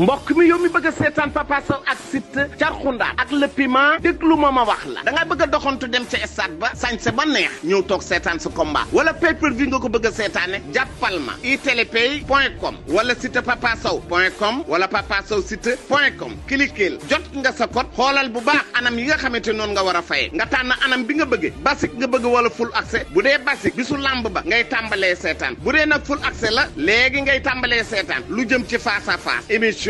mbokk mi yow mi bëgg a seetaan papa Sow ak site Carxunda ak le piment déglu ma ma wax la da nga bëgg a doxantu dem ca stade ba sañse ba neex ñëw toog seetaan sa combat wala pay per nga ko bëgg a seetaane jàppal ma itelepay point com wala site papa point com wala papa Sow site point com cliqueel jot nga sa code xoolal bu baax anam yi nga xamante noon nga war a faye nga tànn anam bi nga bëggee basique nga bëgg wala full accès bu dee basique bi su ba ngay tàmbalee seetaan bu dee nag full accès la léegi ngay tàmbalee seetaan lu jëm ci face à face émission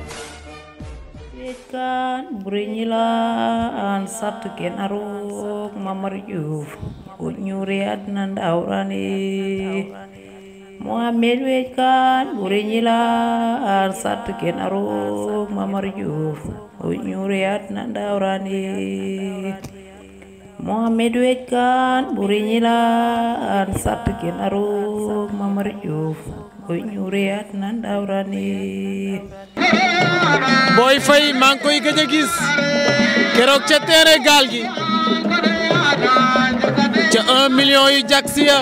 Burenyila an satken arok mamar yuf Unyuri adnan daurani Muhammad wejkan burenyila an satken arok mamar yuf Unyuri adnan daurani Muhammad wejkan burenyila an satken arok mamar yuf booy ñëw réyaat naan daawraane fay maa ngi koy gis keroog ca gaal gi ca un million yu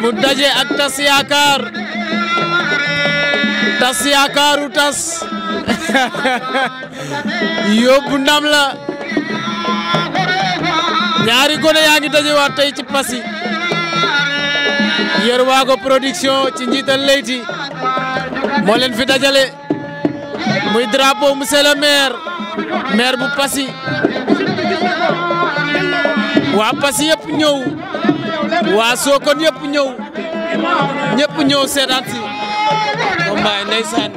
mu daje ak tas yaakaar tas yaakaaru tas yóbbu ndam la ñaari gone yaa ngi daje waat tey ci pasi Yer Waago production ci njiital Leyti moo leen fi dajale muy drapeau monsieur le maire maire bu Passy waa Passy yëpp ñëw waa Sokone yëpp ñëw ñëpp ñëw seetaat si combat ndeysaan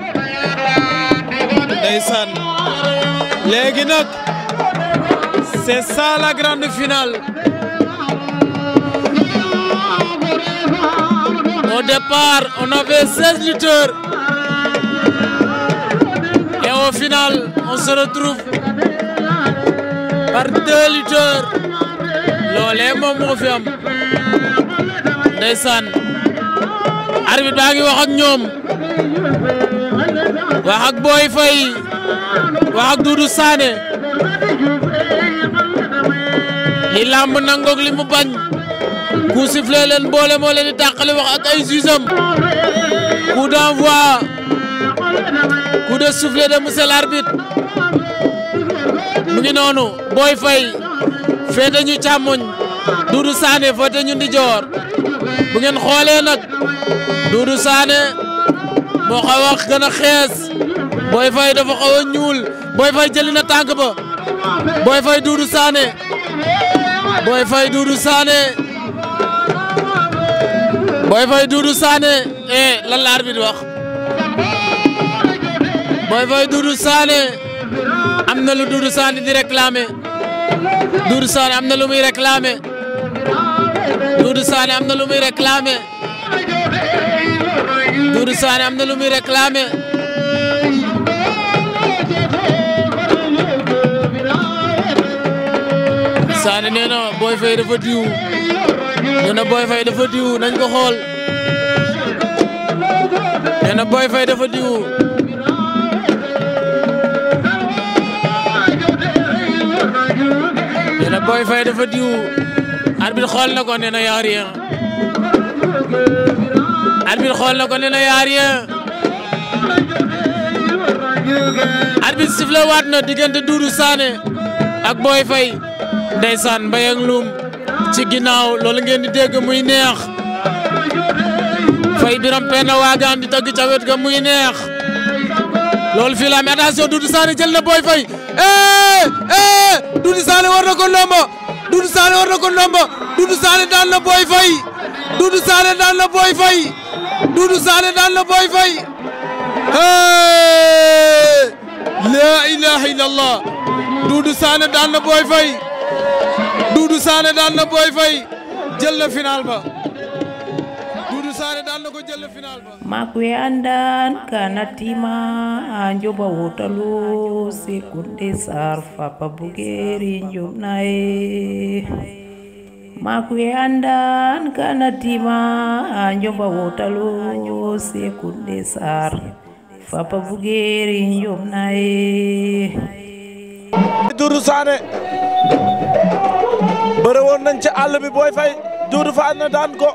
ndeysaan léegi nag c'est ça la grande finale Au départ, on avait 16 lutteurs. Et au final, on par deux lutteurs. loolee moom moo fi am. ndeysaan. arbitre baa ngi wax ñoom. wax ak Boy Faye. wax ak Doudou Sané. li li mu bañ. ku sifflé leen boole moo leen di tàqali wax ak ay jugeam coup d'envoi coup de sifflet de monsieur l'arbitre mu ngi noonu Boy Faye féete ñu càmmoñ Doudou Sané féete ñu ndijoor bu ngeen xoolee nag Doudou Sané moo xaw a gën a xees Boy Faye dafa xaw a ñuul Boy Faye jëli tànk ba Boy Faye Doudou Sané Boy Faye Doudou Sané Boy Faye Doudou Sané eh lan la arbitre wax Boy Faye Doudou Sané am na lu Doudou Sané di réclamer Doudou Sané am na lu muy réclamer Doudou Sané am na lu muy réclamer Doudou Sané am na lu nee booy Boy Faye dafa diw nañ ko xool nee na dafa diw nee na Boy Faye dafa xool na ko nee na yaa rien arbitre xool na ko nee na yaa rien arbitre sifflé waat na diggante Doudou Sané ak Boy Faye ndeysaan Mbayang Loum ci ginnaaw loolu ngeen di dégg muy neex fay biram penn waagaan di tagg ca ga muy neex loolu fii la am attention Doudou Sané jël na Boy Faye eh eh Doudou Sané war na ko ndombo Doudou Sané daan na Boy Faye Doudou Sané daan na Boy Faye Doudou Sané daan na Boy Faye eh, daan na Boy Faye Doudou Sané daan na Boy Faye jël na final ba Doudou Sané daan na ko jël na final ba makwe andan kana tima anjoba wotalo sekunde sar fapa bugeri njob nae makwe andan kana tima anjoba wotalo sekunde sar fapa bugeri njob nae Doudou Sané bëre woon nañ ci àll bi booy fay duudu fa na daan ko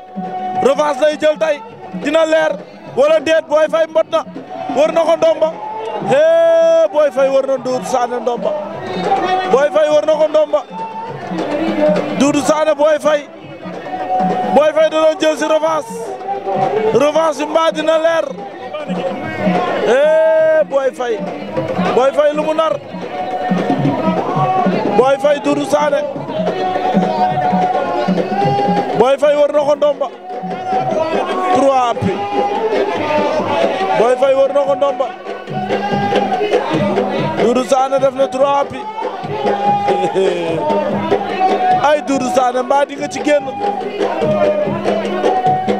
revanche lay jël tay dina leer wala déet booy fay mbot na wër na ko ndomba hee booy fay wër na saane ndomba booy fay wër ko ndomba duudu saane booy fay booy fay da doon jël si revanche revanche bi mbaa dina leer hee booy fay booy fay lu booy fay duudu saane booy fay war na ko ndomba trois appi Boy na ko ndomba Doudou def na trois appi ay Doudou Sané mbaa ci génn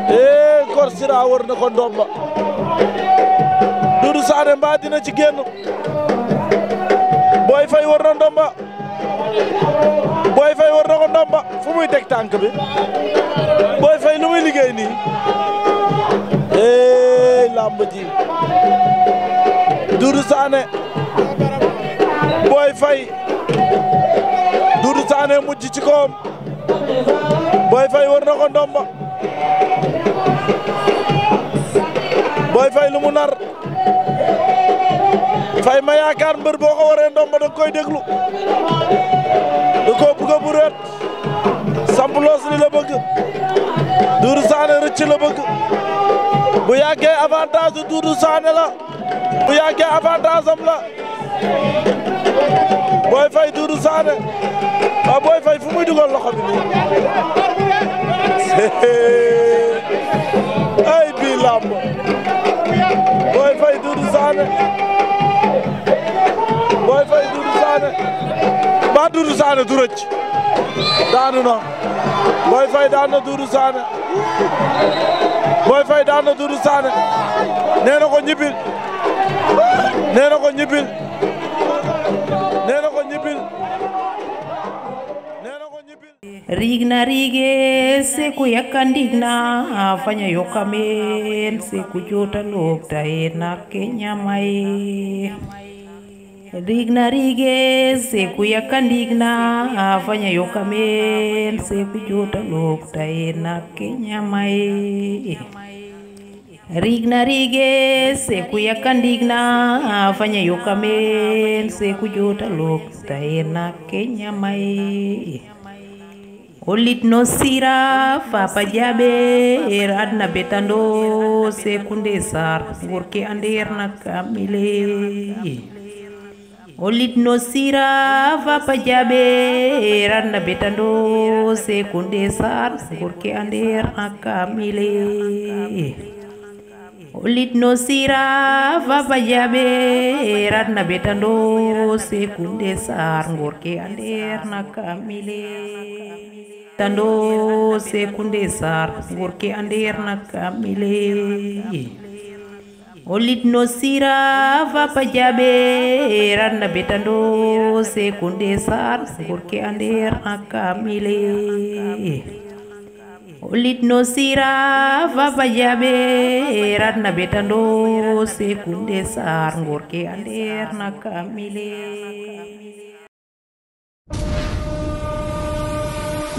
ee Kor Sira war na ko ndomba Doudou Sané dina ci génn Boy Faye war na ndomba muy teg tànk bi Boy Faye nu nii éey làmb ji Doudou Sané Boy Faye Doudou Sané mujj ci koom Boy Faye war na ko ndomba Boy lu mu nar Faye ma yaakaar mbër boo ko waree ndomba da koy déglu da ko bëgg a bloos li la bëgg Doudou Sané rëcc la bëgg bu yàggee avantage du Doudou Sané la bu yàggee avantage am la Boy Faye Doudou Sané waaw Boy Faye fu muy dugal loxo bi nii ay bii làmb Boy Faye Doudou Sané mbaa Doudou Sané du rëcc daanu na Boy Faye na Doudou Sané Boy Faye na Doudou Sané nee ko ñibbil nee ko ñibbil nee na ko ñibbil rigna rige seku yakandigna fanya yokamen seku jota lokta enak kenyamai Rigna rige seku yakandigna afanya yokamel seku jota loktaena kenyamai Rigna rige seku yakandigna afanya yokamel seku jota loktaena kenyamai Olit no sira fapa jabe er adna betando sekunde sar gorke ander na kamile o litno sira vapa jaɓe ranna betando sekunde sar gorke a nder en kamile o litno sira vapa jaɓe ranna betando sekunde sar gorke a nder na kamile tando sekunde sar gorke a nder na kamile o litno sira vapa jaɓe ranna betando sekunde sar gorke a nder en kamile o litno sira vapa jaɓe ranna betando sekunde sar gorke a nder na kamile